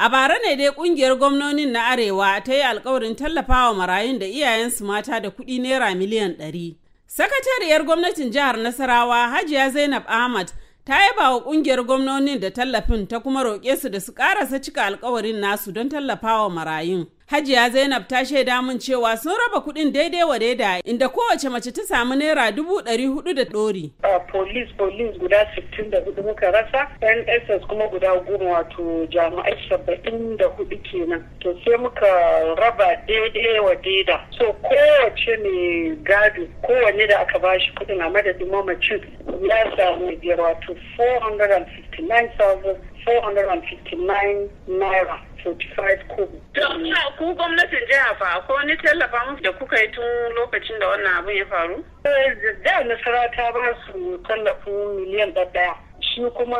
A bara ne dai kungiyar gwamnonin na Arewa ta yi alkawarin tallafawa marayun da iyayensu mata da kuɗi naira miliyan ɗari. Sakatariyar gwamnatin jihar Nasarawa Hajiya Zainab Ahmad ta yaba wa kungiyar gwamnonin da tallafin ta kuma roƙe su da su ƙarasa cika alkawarin nasu don tallafawa marayun. Hajiya Zainab ta shaida min cewa sun raba kuɗin daidai wa daida inda kowace mace ta samu naira dubu ɗari hudu da ɗori. Police police guda sittin da hudu muka rasa, NSS kuma guda goma wato jami'ai saba'in da hudu kenan. To sai muka raba daidai wa daida. So kowace ne gado kowanne da aka bashi kuɗin a madadin mamacin ya samu biyar wato 459,459 naira. 45 kobo. ku gwamnatin jiha fa ko ni tallafa da kuka yi tun lokacin da wannan abin ya faru? Eh, da nasara ta ba su tallafin miliyan ɗaya. Shi kuma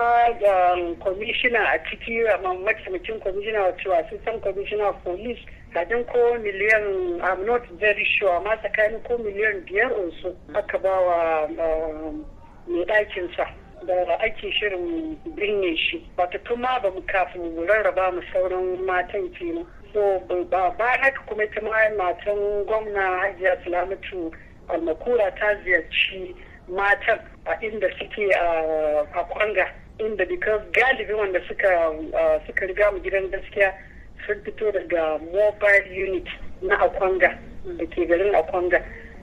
kwamishina um, a ciki um, mataimakin kwamishina wato assistant kwamishina police kajin ko miliyan I'm not very sure amma tsakanin ko miliyan biyar unsu aka ba wa um, mai ɗakinsa. da ake shirin binye shi wata tun ma ba mu kafin rarraba mu sauran matan kenan so ba haka kuma ita ma matan gwamna hajiya salamatu almakura ta ziyarci matan a inda suke a kwanga inda because galibi wanda suka suka riga mu gidan gaskiya sun fito daga mobile unit na akwanga da ke garin akwanga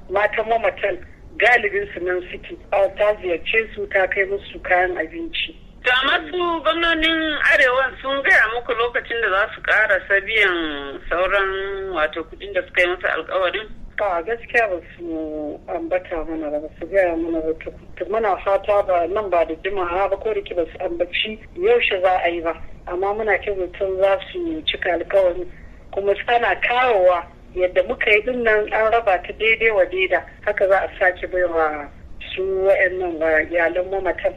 matan mamatan galibin su nan suke ta ziyarce su ta kai musu kayan abinci da masu gwamnonin arewa sun gaya muku lokacin da za su ƙara sabiyan sauran wato kudin da suka yi masa alkawarin ba gaskiya ba su ambata mana ba su gaya mana ba muna fata ba nan ba da jima'a ba ko da ke ba su ambaci yaushe za a yi ba amma muna kyautar za su cika alkawarin kuma tsana kawowa yadda muka yi din nan an raba ta daidai wa daida haka za a sake wa su wa'annan iyalan mamatan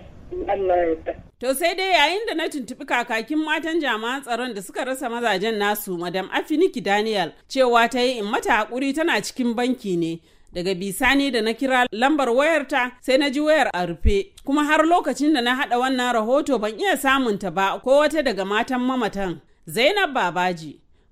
Allah ya To sai dai yayin da na tuntuɓi kakakin matan jami'an tsaron da suka rasa mazajen nasu madam Afiniki Daniel cewa ta yi in mata hakuri tana cikin banki ne. Daga bisani da na kira lambar wayarta sai na ji wayar a rufe kuma har lokacin da na haɗa wannan rahoto ban iya samunta ba ko wata daga matan mamatan. Zainab Babaji